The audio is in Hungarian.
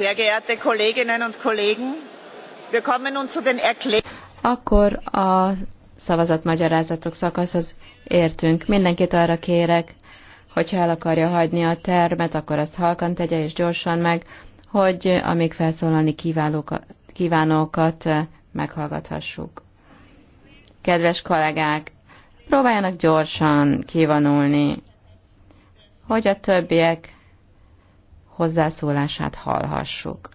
sehr geehrte Kolleginnen und Kollegen, wir kommen nun zu den Erklärungen. Akkor a szavazatmagyarázatok szakaszhoz értünk. Mindenkit arra kérek, hogyha el akarja hagyni a termet, akkor azt halkan tegye és gyorsan meg, hogy amíg felszólalni kívánókat eh, meghallgathassuk. Kedves kollégák, próbáljanak gyorsan kivonulni, hogy a többiek hozzászólását hallhassuk.